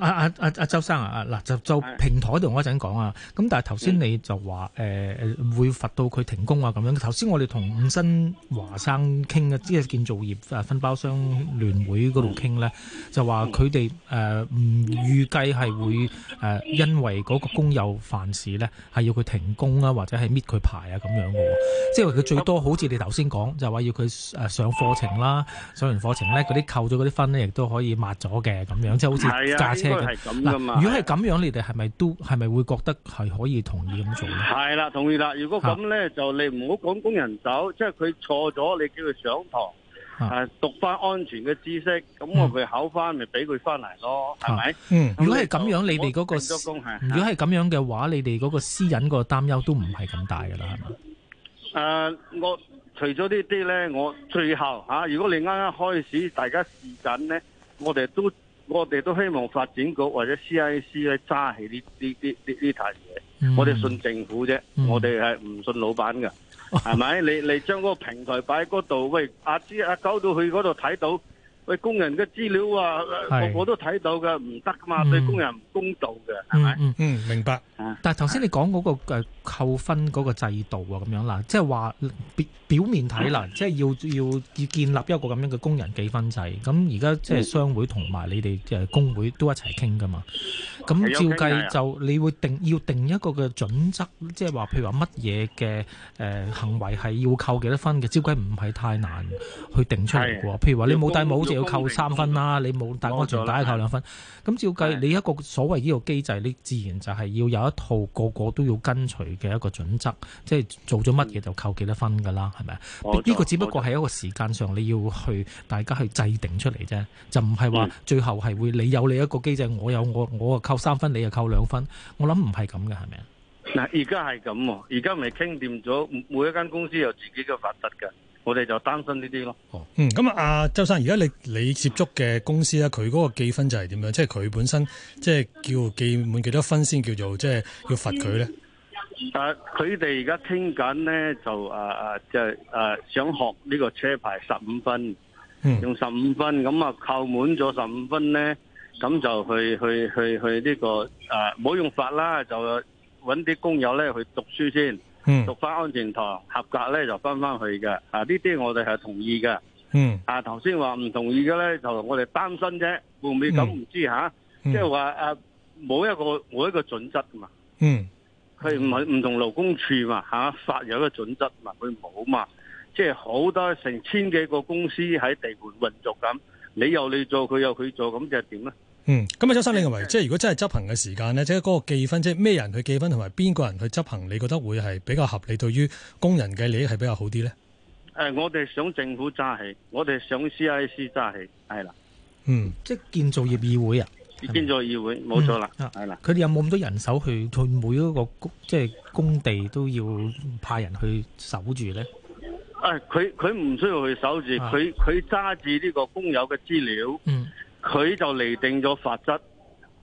[SPEAKER 2] 啊啊啊！周生啊啊嗱，就就平台度我一陣講啊，咁但係頭先你就話誒誒會罰到佢停工啊咁樣。頭先我哋同伍新華生傾嘅，即係建造業分包商聯會嗰度傾咧，就話佢哋誒唔預計係會誒、呃、因為嗰個工友犯事咧，係要佢停工啊，或者係搣佢牌啊咁樣嘅、啊、喎。即係佢最多好似你頭先講，就話、是、要佢誒上課程啦，上完課程咧嗰啲扣咗嗰啲分咧，亦都可以抹咗嘅咁樣，即係好。係啊，應該係咁噶嘛。如果係咁樣，你哋係咪都係咪會覺得係可以同意咁做咧？
[SPEAKER 5] 係啦，同意啦。如果咁咧，就你唔好講工人走，即係佢錯咗，你叫佢上堂啊，讀翻安全嘅知識，咁我咪考翻，咪俾佢翻嚟咯，係
[SPEAKER 2] 咪？嗯。如果係咁樣，你哋嗰個如果係咁樣嘅話，你哋嗰個私隱個擔憂都唔係咁大噶啦，係嘛？
[SPEAKER 5] 誒，我除咗呢啲咧，我最後吓，如果你啱啱開始大家試緊咧，我哋都。我哋都希望發展局或者 CIC 咧揸起呢呢啲呢呢套嘢，我哋信政府啫，我哋係唔信老闆㗎，係咪？ 你你將嗰個平台擺喺嗰度，喂阿芝阿九到去嗰度睇到。喂，工人嘅資料啊，個個都睇到㗎，唔得噶嘛，嗯、
[SPEAKER 2] 對工人唔公道嘅，係咪、嗯？嗯嗯，明白。啊、但係頭先你講嗰個扣分嗰個制度啊，咁樣嗱，即係話表面睇嚟，即係要要要建立一個咁樣嘅工人記分制。咁而家即係商會同埋你哋誒工會都一齊傾噶嘛。咁照計就，你會定要定一個嘅準則，即係話譬如話乜嘢嘅誒行為係要扣幾多分嘅？照計唔係太難去定出嚟嘅喎。的譬如話你冇帶帽。你要扣三分啦，你冇戴安全帶係扣兩分。咁照計，你一個所謂呢個機制，的你自然就係要有一套個個個都要跟隨嘅一個準則，即係做咗乜嘢就扣幾多分噶啦，係咪了？呢個只不過係一個時間上你要去大家去制定出嚟啫，就唔係話最後係會你有你一個機制，我有我我扣三分，你又扣兩分。我諗唔係咁嘅，係咪？
[SPEAKER 5] 嗱，而家係咁，而家咪傾掂咗，每一間公司有自己嘅法則噶。我哋就擔心呢啲咯。哦、嗯，嗯，
[SPEAKER 1] 咁啊，阿周生，而家你你接觸嘅公司咧，佢嗰個記分就係點樣？即係佢本身即係、就是、叫記滿幾多分先叫做即係、就是、要罰佢咧、
[SPEAKER 5] 啊？啊，佢哋而家傾緊咧，就啊即係啊，想學呢個車牌十五分，嗯、用十五分咁、這個、啊，扣滿咗十五分咧，咁就去去去去呢個冇用罰啦，就搵啲工友咧去讀書先。嗯，讀翻安全堂合格咧就翻翻去嘅，啊呢啲我哋係同意嘅。嗯，啊頭先話唔同意嘅咧就我哋擔心啫，會唔會咁唔知吓？啊嗯、即係話誒冇一個冇一個準則噶嘛。嗯，佢唔係唔同勞工處嘛吓、啊，法有一個準則，但係佢冇嘛。即係好多成千幾個公司喺地盤運作咁，你有你做，佢有佢做，咁就點咧？嗯，咁啊，周
[SPEAKER 1] 生，你認為即係如果真係執行嘅時間咧，即係嗰個記分，即係咩人去記分，同埋邊個人去執行，你覺得會係比較合理，對於工人嘅利益係比較好啲咧？
[SPEAKER 5] 誒，我哋想政府揸起，我哋想 CIC 揸起，係啦。嗯，
[SPEAKER 1] 即係建造業議會啊？
[SPEAKER 5] 建造業議會冇錯啦。係啦吧。
[SPEAKER 2] 佢哋有冇咁多人手去去每一個工，即係工地都要派人去守住咧？
[SPEAKER 5] 誒、哎，佢佢唔需要去守住，佢佢揸住呢個工友嘅資料。嗯。佢就嚟定咗法則，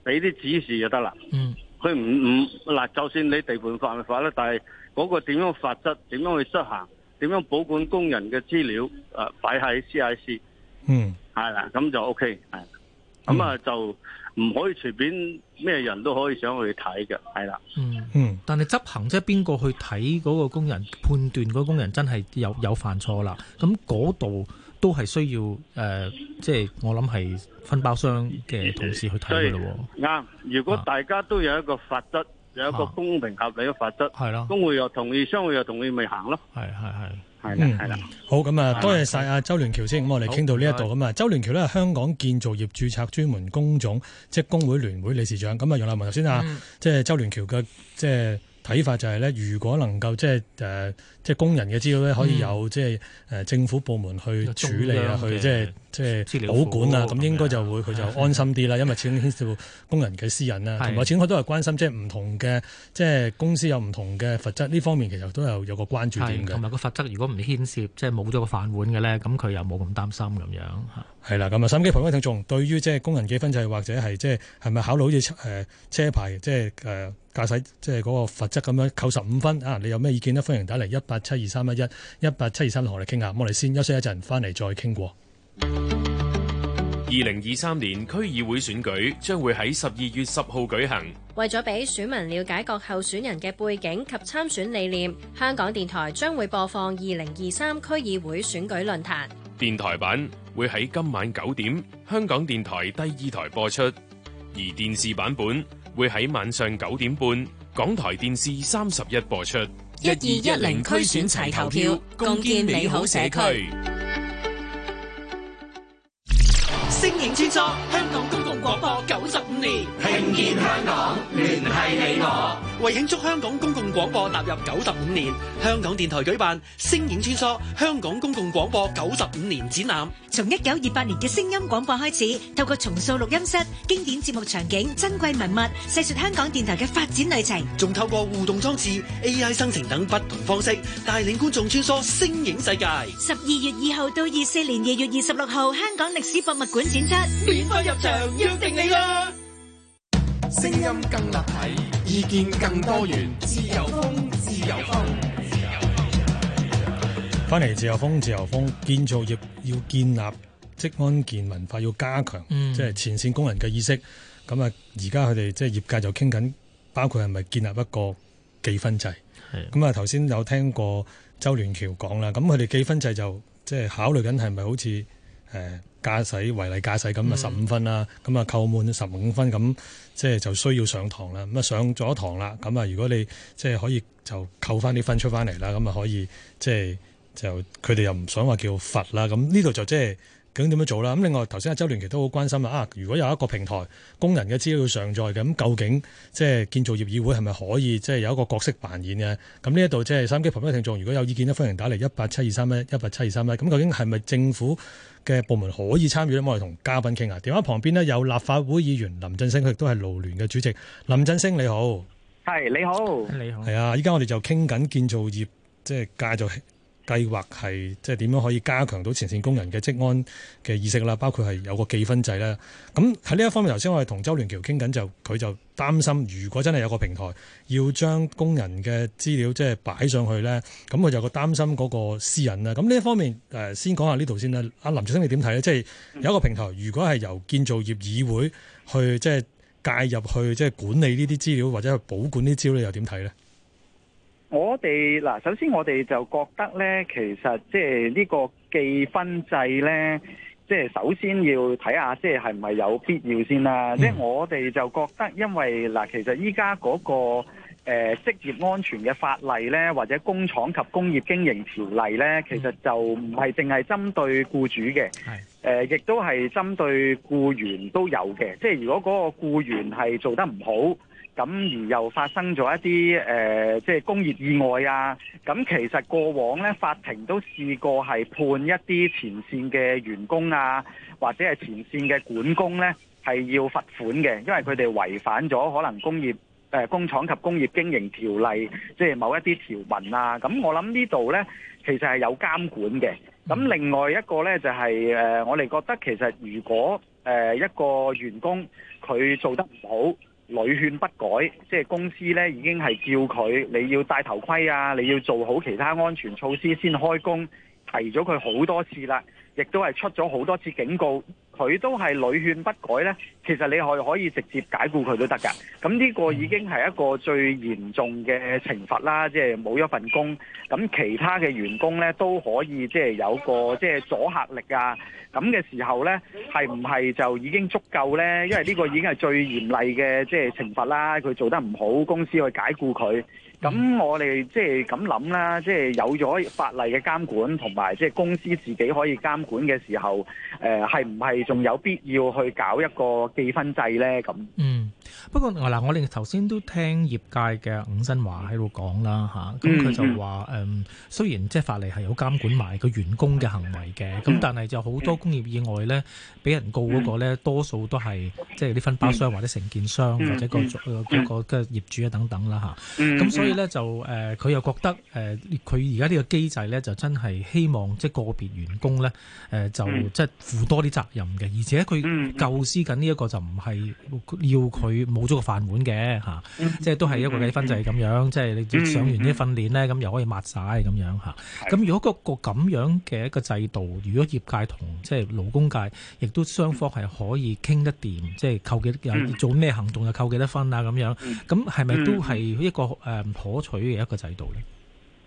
[SPEAKER 5] 俾啲指示就得啦。嗯，佢唔唔嗱，就算你地盤法咪法啦，但係嗰個點樣法則，點樣去執行，點樣保管工人嘅資料，誒擺喺 CIC。
[SPEAKER 4] 嗯，
[SPEAKER 5] 係啦，咁就 OK。係，咁啊就唔可以隨便咩人都可以上去睇嘅。係啦、嗯。嗯。
[SPEAKER 2] 但係執行即係邊個去睇嗰個工人，判斷嗰工人真係有有犯錯啦？咁嗰度都係需要誒，即係我諗係分包商嘅同事去睇嘅咯。
[SPEAKER 5] 啱，如果大家都有一個法則，有一個公平合理嘅法則，係咯，工會又同意，商會又同意，咪行咯。係係係。嗯，係啦
[SPEAKER 1] 的，的好，咁啊，多謝晒阿周聯僑先，咁的我哋傾到呢一度，咁啊好，周聯僑呢係香港建造業註冊專門工種職工會聯會理事長，咁啊，楊立文頭先啊，即周聯僑嘅即。睇法就係咧，如果能夠即係誒，即、呃、係工人嘅資料咧，可以有即係誒，政府部門去處理啊，嗯、去即係即係保管啊，咁等應該就會佢就會安心啲啦。嗯、因為始終牽涉工人嘅私隱啦，同埋的始終都係關心即係唔同嘅即係公司有唔同嘅罰則呢的方面，其實都有有個關注點嘅。同埋個罰則如果唔牽涉即係冇咗個飯碗嘅咧，咁佢又冇咁擔心咁樣嚇。係啦，咁啊，收音機旁邊嘅聽眾，對於即係工人記分制，或者係即係係咪考慮好似誒車牌即係誒？呃駕駛即係嗰個罰則，咁樣扣十五分啊！你有咩意見呢？歡迎打嚟一八七二三一一一八七二三六同我哋傾下。我哋先休息一陣，翻嚟再傾過。二零二三年區議會選舉將會喺十二月十號舉行。
[SPEAKER 2] 為咗俾選民了解各候選人嘅背景及參選理念，香港電台將會播放二零二三區議會選舉論壇。
[SPEAKER 1] 電台版會喺今晚九點香港電台第二台播出，而電視版本。會喺晚上九點半，港台電視三十一播出。
[SPEAKER 4] 一二一零區選齊投票，共建美好社區。
[SPEAKER 2] 聲影穿梭香港公共廣播九十五
[SPEAKER 3] 年，聽見香港，聯繫你我。
[SPEAKER 6] 為慶祝香港公共廣播踏入
[SPEAKER 3] 九十五年，香港電台舉辦《聲影穿梭香港公共廣播九十五年展覽》。從一九二八年嘅聲音廣播開始，透過重塑錄音室、經典節目場景、珍貴文物，細說香港電台嘅發展旅程。仲透過互動裝置、AI 生成等不同方式，帶領觀眾穿梭聲影世界。十二月二號到二四年二月二十六號，香港歷史博物館展出，免費入場，約定你啦！
[SPEAKER 6] 聲音更立體，意見更多元，
[SPEAKER 4] 自由
[SPEAKER 1] 風，自由風，自由風。翻嚟自由風，自由風，建造業要建立職安健文化，要加強，即係前線工人嘅意識。咁啊、嗯，而家佢哋即係業界就傾緊，包括係咪建立一個記分制。咁啊的，頭先有聽過周聯僑講啦，咁佢哋記分制就即係考慮緊係咪好似誒。駕駛違例駕駛咁啊十五分啦，咁啊、嗯、扣滿十五分咁，即係就需要上堂啦。咁啊上咗堂啦，咁啊如果你即係可以就扣翻啲分出翻嚟啦，咁啊可以即係就佢、是、哋又唔想話叫罰啦。咁呢度就即係。究竟點樣做啦？咁另外，頭先阿周聯僑都好關心啊！如果有一個平台，工人嘅資料上載嘅，咁究竟即係、就是、建造業議會係咪可以即係、就是、有一個角色扮演嘅？咁呢一度即係收音機旁邊嘅聽眾，如果有意見咧，歡迎打嚟一八七二三一一八七二三一。咁究竟係咪政府嘅部門可以參與咧？我哋同嘉賓傾下。電話旁邊呢，有立法會議員林振昇，佢亦都係勞聯嘅主席。林振昇你好，
[SPEAKER 2] 係你好，你
[SPEAKER 1] 好，係啊！依家我哋就傾緊建造業，即係繼續。計劃係即係點樣可以加強到前線工人嘅職安嘅意識啦，包括係有個記分制啦。咁喺呢一方面，頭先我哋同周聯僑傾緊，就佢就擔心，如果真係有個平台要將工人嘅資料即係擺上去呢，咁佢就有個擔心嗰個私隱啦。咁呢一方面，呃、先講下呢度先啦。阿林振昇，你點睇呢？即係有一個平台，如果係由建造業議會去即係介入去即係管理呢啲資料，或者去保管呢啲資料，你又點睇呢？
[SPEAKER 4] 我
[SPEAKER 6] 哋嗱，首先我哋就覺得咧，其實即係呢個記分制咧，即係首先要睇下即係係唔係有必要先啦。即係、嗯、我哋就覺得，因為嗱，其實依家嗰個誒職業安全嘅法例咧，或者工廠及工業經營條例咧，其實就唔係淨係針對雇主嘅，誒亦都係針對雇員都有嘅。即係如果嗰個僱員係做得唔好。咁而又發生咗一啲誒，即係工業意外啊！咁其實過往呢，法庭都試過係判一啲前線嘅員工啊，或者係前線嘅管工呢，係要罰款嘅，因為佢哋違反咗可能工業、呃、工廠及工業經營條例，即係某一啲條文啊。咁我諗呢度呢，其實係有監管嘅。咁另外一個呢，就係誒，我哋覺得其實如果誒一個員工佢做得唔好。屢勸不改，即係公司咧已經係叫佢，你要戴頭盔啊，你要做好其他安全措施先開工。提咗佢好多次啦，亦都係出咗好多次警告，佢都係屢勸不改呢，其實你係可以直接解雇佢都得㗎。咁呢個已經係一個最嚴重嘅懲罰啦，即係冇一份工。咁其他嘅員工呢，都可以即係有個即係阻嚇力啊。咁嘅時候呢，係唔係就已經足夠呢？因為呢個已經係最嚴厲嘅即係懲罰啦。佢做得唔好，公司去解雇佢。咁我哋即係咁諗啦，即係有咗法例嘅監管同埋即係公司自己可以監管嘅時候，誒，係唔係仲有必要去搞一個記分制呢？咁。
[SPEAKER 2] 不過嗱，我哋頭先都聽業界嘅伍新華喺度講啦嚇，咁佢就話誒，雖然即係法例係有監管埋個員工嘅行為嘅，咁但係就好多工業以外咧，俾人告嗰個咧，多數都係即係啲分包商或者承建商或者個個個嘅業主啊等等啦嚇，咁所以咧就誒，佢、呃、又覺得誒，佢而家呢個機制咧就真係希望即係個別員工咧誒、呃，就即係負多啲責任嘅，而且佢構思緊呢一個就唔係要佢冇。冇咗個飯碗嘅嚇，即係、嗯、都係一個計分制咁樣，嗯嗯、即係你上完啲訓練咧，咁、嗯嗯、又可以抹晒咁樣嚇。咁、嗯嗯、如果嗰個咁樣嘅一個制度，如果業界同即係勞工界亦都雙方係可以傾得掂，即係、嗯、扣幾做咩行動就扣幾多分啊咁樣，咁係咪都係一個誒、嗯、可取嘅一個制度呢？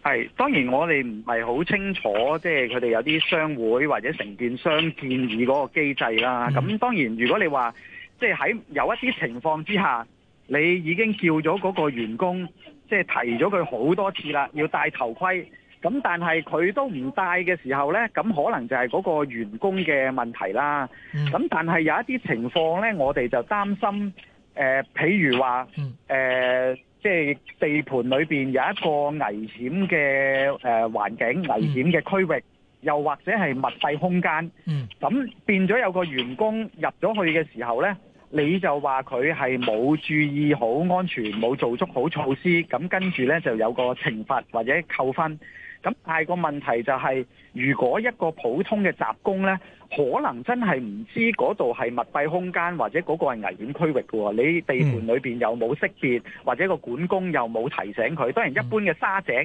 [SPEAKER 6] 係當然，我哋唔係好清楚，即係佢哋有啲商會或者承建商建議嗰個機制啦。咁、嗯、當然，如果你話，即係喺有一啲情況之下，你已經叫咗嗰個員工，即係提咗佢好多次啦，要戴頭盔。咁但係佢都唔戴嘅時候呢，咁可能就係嗰個員工嘅問題啦。咁但係有一啲情況呢，我哋就擔心，誒，譬如話，誒，即係地盤裏邊有一個危險嘅誒環境、危險嘅區域。又或者係密閉空間，咁變咗有個員工入咗去嘅時候咧，你就話佢係冇注意好安全，冇做足好措施，咁跟住咧就有個懲罰或者扣分。咁但係個問題就係，如果一個普通嘅雜工呢，可能真係唔知嗰度係密閉空間或者嗰個係危險區域喎。你地盤裏面又冇識別，或者個管工又冇提醒佢。當然一般嘅沙井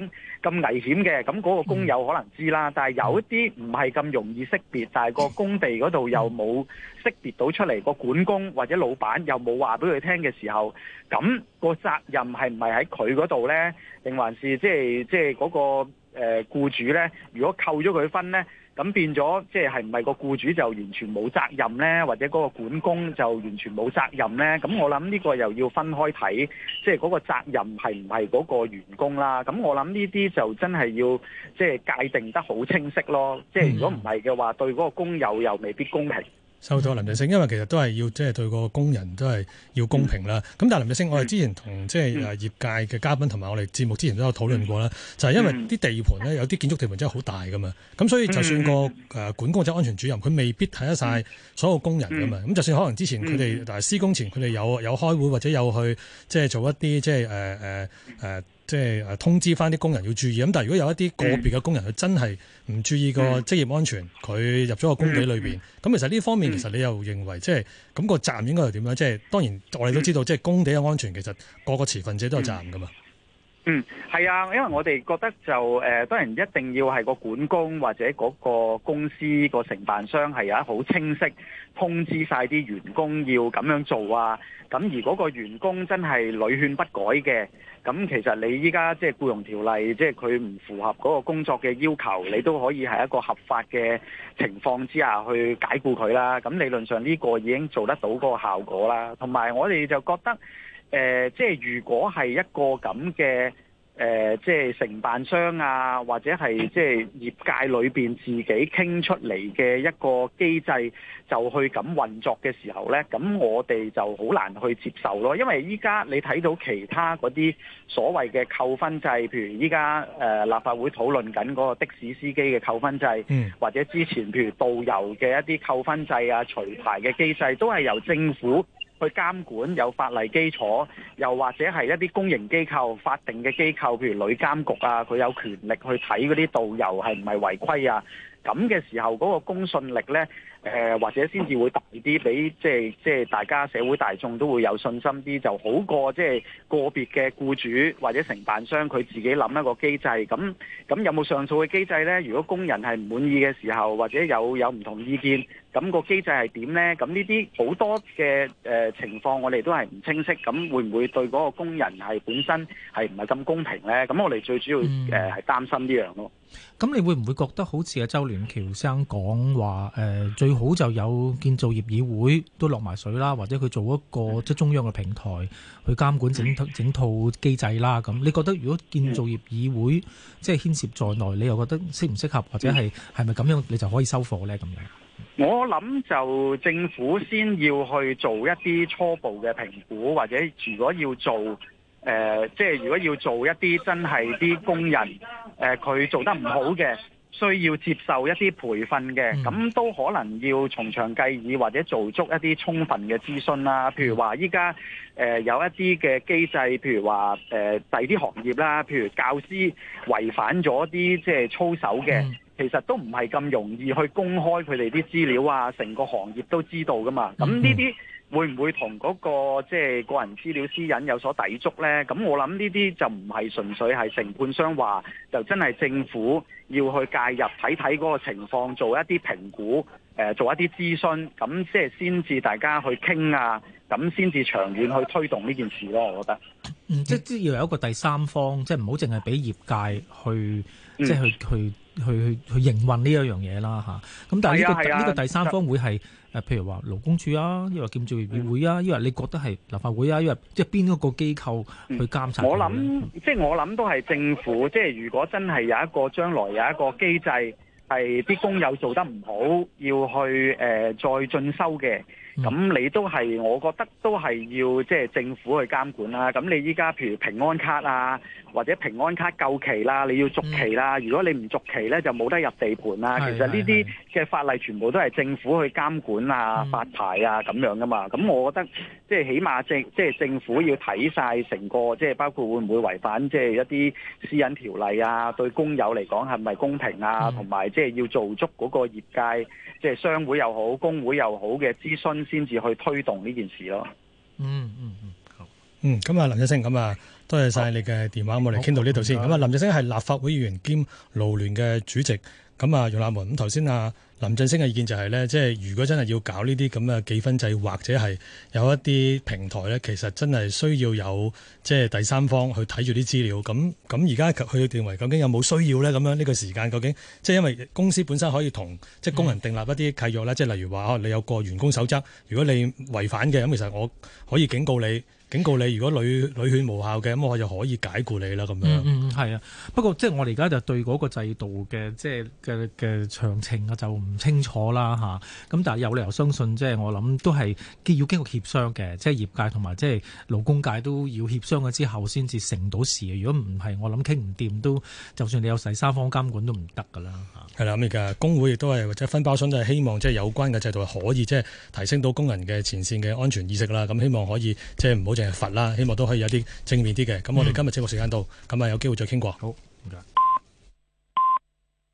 [SPEAKER 6] 咁危險嘅，咁嗰個工友可能知啦。但係有一啲唔係咁容易識別，但係個工地嗰度又冇識別到出嚟，個管工或者老闆又冇話俾佢聽嘅時候，咁個責任係唔係喺佢嗰度呢？定還是即係即係嗰個？誒僱主呢，如果扣咗佢分呢，咁變咗即係係唔係個僱主就完全冇責任呢，或者嗰個管工就完全冇責任呢？咁我諗呢個又要分開睇，即係嗰個責任係唔係嗰個員工啦？咁我諗呢啲就真係要即係界定得好清晰咯。即係如果唔係嘅話，對嗰個工友又未必公平。
[SPEAKER 1] 收到林振昇，因為其實都係要即係、就是、對個工人，都係要公平啦。咁、嗯、但林振昇，嗯、我哋之前同即係誒業界嘅嘉賓同埋我哋節目之前都有討論過啦。嗯、就係因為啲地盤咧，嗯、有啲建築地盤真係好大噶嘛。咁所以就算、個誒、嗯呃、管工者安全主任，佢未必睇得晒所有工人噶嘛。咁、嗯嗯、就算可能之前佢哋，嗯、但係施工前佢哋有有開會或者有去即係、就是、做一啲即係誒誒即係通知翻啲工人要注意，咁但係如果有一啲個別嘅工人佢真係唔注意個職業安全，佢、嗯、入咗個工地裏面。咁、嗯、其實呢方面其實你又認為、嗯、即係咁、個責任應該係點？即係當然我哋都知道，嗯、即係工地嘅安全其實個個持份者都有責任噶嘛。
[SPEAKER 6] 嗯，係啊，因為我哋覺得就誒、呃，當然一定要係個管工或者嗰個公司個承辦商係有一好清晰通知晒啲員工要咁樣做啊。咁而嗰個員工真係屢勸不改嘅，咁其實你依家即係僱傭條例，即係佢唔符合嗰個工作嘅要求，你都可以係一個合法嘅情況之下去解僱佢啦。咁理論上呢個已經做得到嗰個效果啦。同埋我哋就覺得。誒、呃，即係如果係一個咁嘅誒，即係承辦商啊，或者係即係業界裏面自己傾出嚟嘅一個機制，就去咁運作嘅時候呢，咁我哋就好難去接受咯。因為依家你睇到其他嗰啲所謂嘅扣分制，譬如依家、呃、立法會討論緊嗰個的士司機嘅扣分制，嗯、或者之前譬如導遊嘅一啲扣分制啊、除牌嘅機制，都係由政府去監管，有法例基礎，又或者係一啲公營機構、法定嘅機構，譬如旅監局啊，佢有權力去睇嗰啲導遊係唔係違規啊？咁嘅時候，嗰個公信力呢，誒或者先至會大啲，俾即係即係大家社會大眾都會有信心啲，就好過即係個別嘅僱主或者承辦商佢自己諗一個機制。咁咁有冇上訴嘅機制呢？如果工人係唔滿意嘅時候，或者有有唔同意見，咁個機制係點呢？咁呢啲好多嘅誒情況，我哋都係唔清晰。咁會唔會對嗰個工人係本身係唔係咁公平呢？咁我哋最主要誒係擔心呢樣咯。
[SPEAKER 2] 咁你會唔會覺得好似阿周聯僑生講話，最好就有建造業議會都落埋水啦，或者佢做一個即係中央嘅平台去監管整套整套機制啦？咁你覺得如果建造業議會即係牽涉在內，你又覺得適唔適合，或者係係咪咁樣你就可以收貨呢？咁樣
[SPEAKER 6] 我諗就政府先要去做一啲初步嘅評估，或者如果要做。誒、呃，即係如果要做一啲真係啲工人，誒、呃、佢做得唔好嘅，需要接受一啲培訓嘅，咁都可能要從長計議，或者做足一啲充分嘅諮詢啦。譬如話，依家誒有一啲嘅機制，譬如話誒第二啲行業啦，譬如教師違反咗啲即係操守嘅，嗯、其實都唔係咁容易去公開佢哋啲資料啊，成個行業都知道噶嘛。咁呢啲。會唔會同嗰、那個即係、就是、個人資料私隱有所抵觸呢？咁我諗呢啲就唔係純粹係承判商話，就真係政府要去介入睇睇嗰個情況，做一啲評估，呃、做一啲諮詢，咁即係先至大家去傾啊，咁先至長遠去推動呢件事咯。我覺得，嗯，
[SPEAKER 2] 即、就、係、是、要有一個第三方，即係唔好淨係俾業界去，即、就、係、是、去、嗯、去去去去，去營運呢一樣嘢啦吓，咁但係呢、這個呢、啊啊、個第三方會係。誒，譬如話勞工處啊，因為建造業議會啊，因為你覺得係立法會啊，因為即係邊一個機構去監察、嗯？我諗
[SPEAKER 6] 即係我諗都係政府。即係如果真係有一個將來有一個機制，係啲工友做得唔好，要去誒、呃、再進修嘅，咁你都係我覺得都係要即係、就是、政府去監管啦。咁你依家譬如平安卡啊。或者平安卡夠期啦，你要續期啦。嗯、如果你唔續期咧，就冇得入地盤啦。的其實呢啲嘅法例全部都係政府去監管啊、嗯、發牌啊咁樣噶嘛。咁我覺得即係、就是、起碼政即係政府要睇晒成個，即、就、係、是、包括會唔會違反即係、就是、一啲私隱條例啊？對工友嚟講係咪公平啊？同埋即係要做足嗰個業界，即、就、係、是、商會又好、工會又好嘅諮詢，先至去推動呢件事咯。嗯
[SPEAKER 1] 嗯嗯，好。嗯，咁啊，林先生咁啊。多謝晒你嘅電話，哦、我哋傾到呢度先。咁啊、哦，林振昇係立法會議員兼勞聯嘅主席，咁啊楊立文。咁頭先啊林振昇嘅意見就係、是、咧，即係如果真係要搞呢啲咁嘅記分制，或者係有一啲平台咧，其實真係需要有即係第三方去睇住啲資料。咁咁而家去到認為究竟有冇需要咧？咁樣呢個時間究竟即係因為公司本身可以同即係工人訂立一啲契約咧，嗯、即係例如話，你有個員工守則，如果你違反嘅，咁其實我可以警告你。警告你，如果女女犬無效嘅，咁我就可以解僱你啦。咁樣，嗯係啊。不過
[SPEAKER 2] 即係我哋而家就對嗰個制度嘅即係嘅嘅詳情啊，就唔清楚啦吓。咁但係有理由相信，即係我諗都係要經過協商嘅，即係業界同埋即係勞工界都要協商嘅之後先至成到事。如果唔係，我諗傾唔掂都，
[SPEAKER 1] 就算你有第三方監管都唔得噶啦嚇。係啦，咁而家工會亦都係，或者分包商都係希望即係有關嘅制度係可以即係提升到工人嘅前綫嘅安全意識啦。咁希望可以即係唔好。佛啦，希望都可以有啲正面啲嘅。咁我哋今日節目時間到，咁啊、嗯、有機會再傾過。好。